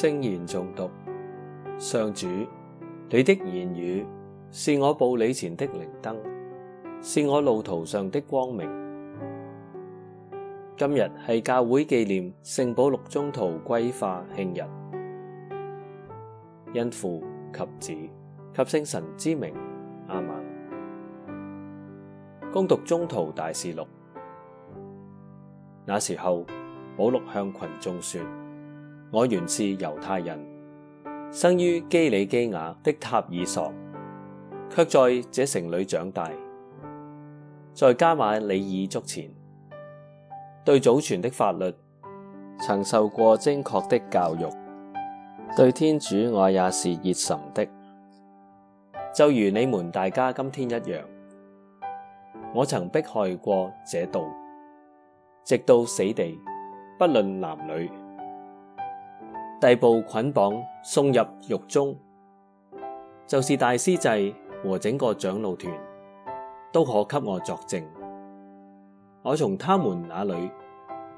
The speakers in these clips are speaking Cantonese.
聖言誦讀，上主，你的言語是我步履前的靈燈，是我路途上的光明。今日係教會紀念聖保祿宗徒歸化慶日，因父及子及聖神之名，阿們。恭讀宗徒大事錄。那時候，保祿向群眾說。我原是猶太人，生於基里基雅的塔爾索，卻在這城裏長大。在加瑪里耳足前，對祖傳的法律，曾受過精確的教育，對天主我也是熱忱的，就如你們大家今天一樣。我曾迫害過這道，直到死地，不論男女。逮捕，捆綁送入獄中，就是大司祭和整個長老團都可給我作證。我從他們那裏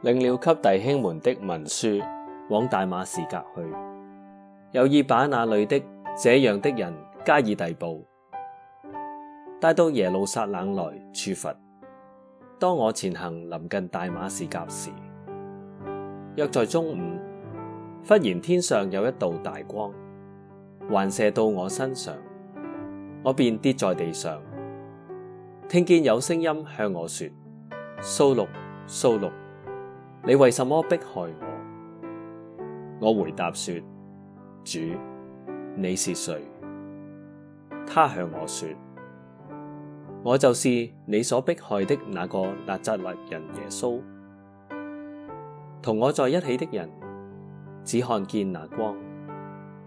領了給弟兄們的文書，往大馬士革去，有意把那裏的這樣的人加以逮捕，帶到耶路撒冷來處罰。當我前行臨近大馬士革時，約在中午。忽然天上有一道大光，環射到我身上，我便跌在地上，聽見有聲音向我說：掃祿，掃祿，你為什麼迫害我？我回答說：主，你是誰？他向我說：我就是你所迫害的那個納匝肋人耶穌，同我在一起的人。只看見那光，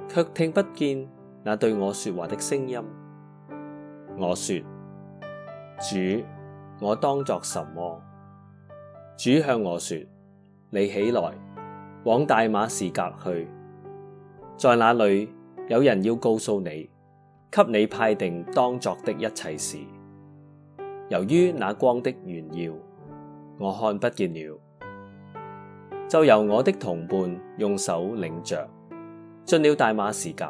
卻聽不見那對我說話的聲音。我說：主，我當作什麼？主向我說：你起來，往大馬士革去，在那裏有人要告訴你，給你派定當作的一切事。由於那光的炫耀，我看不見了。就由我的同伴用手領着，進了大馬士革。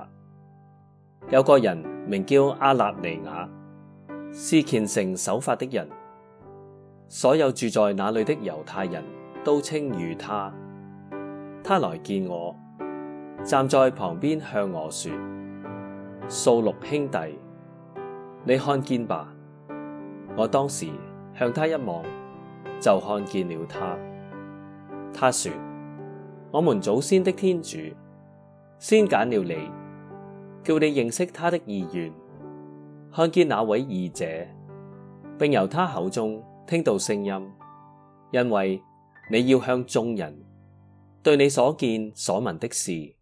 有個人名叫阿納尼雅，是虔誠守法的人。所有住在那裏的猶太人都稱譽他。他來見我，站在旁邊向我說：掃祿兄弟，你看見吧！我當時向他一望，就看見了他。他說：我們祖先的天主，先揀了你，叫你認識他的意願，看見那位義者，並由他口中聽到聲音，因為你要向眾人，對你所見所聞的事，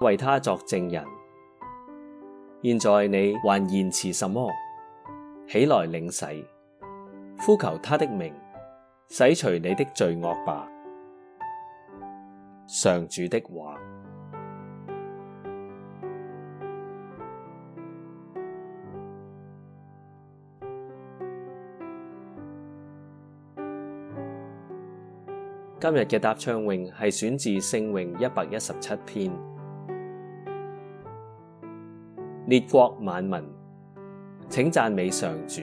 為他作證人。現在你還遲延什麼？起來領洗，呼求他的名，洗除你的罪惡吧！上主的話，今日嘅答唱詠係選自聖詠一百一十七篇。列國萬民，請讚美上主；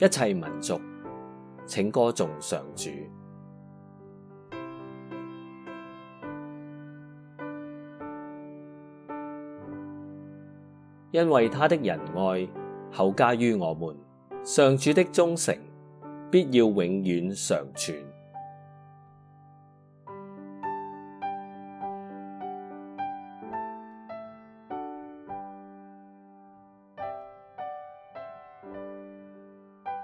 一切民族，請歌頌上主。因為他的仁愛厚加於我們，上主的忠誠必要永遠常存。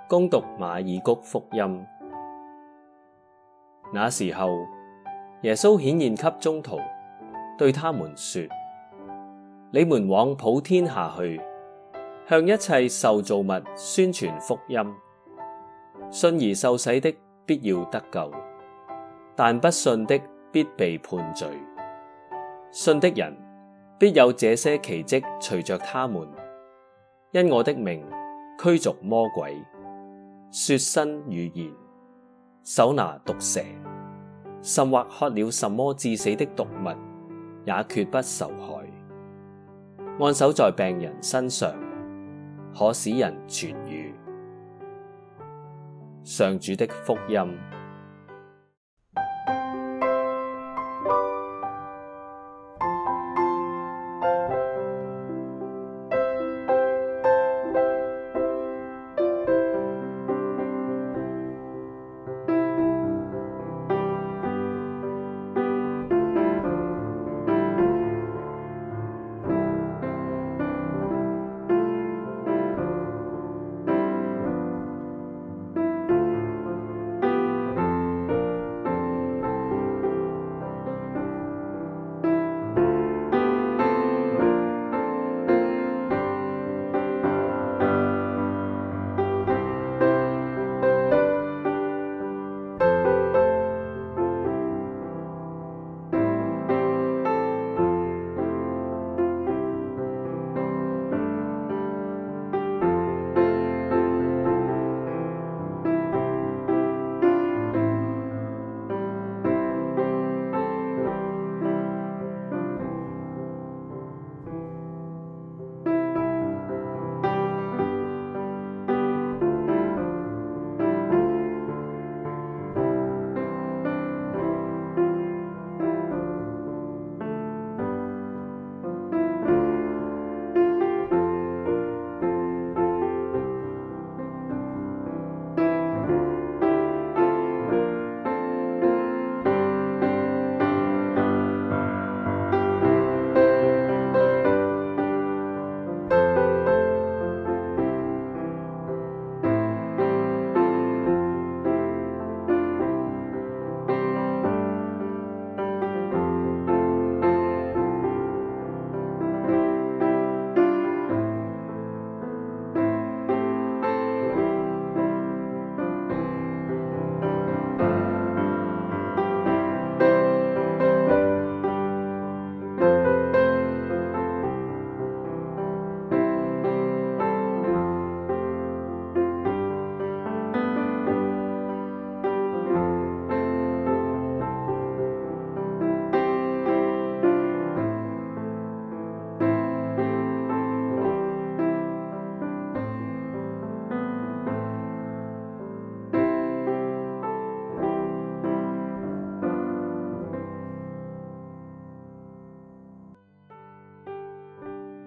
恭讀馬爾谷福音。那時候耶穌顯現給宗徒，對他們說。你們往普天下去，向一切受造物宣傳福音。信而受洗的，必要得救；但不信的，必被判罪。信的人必有這些奇蹟隨着他們，因我的名驅逐魔鬼，說新語言，手拿毒蛇，甚或喝了什麼致死的毒物，也絕不受害。按手在病人身上，可使人痊癒。上主的福音。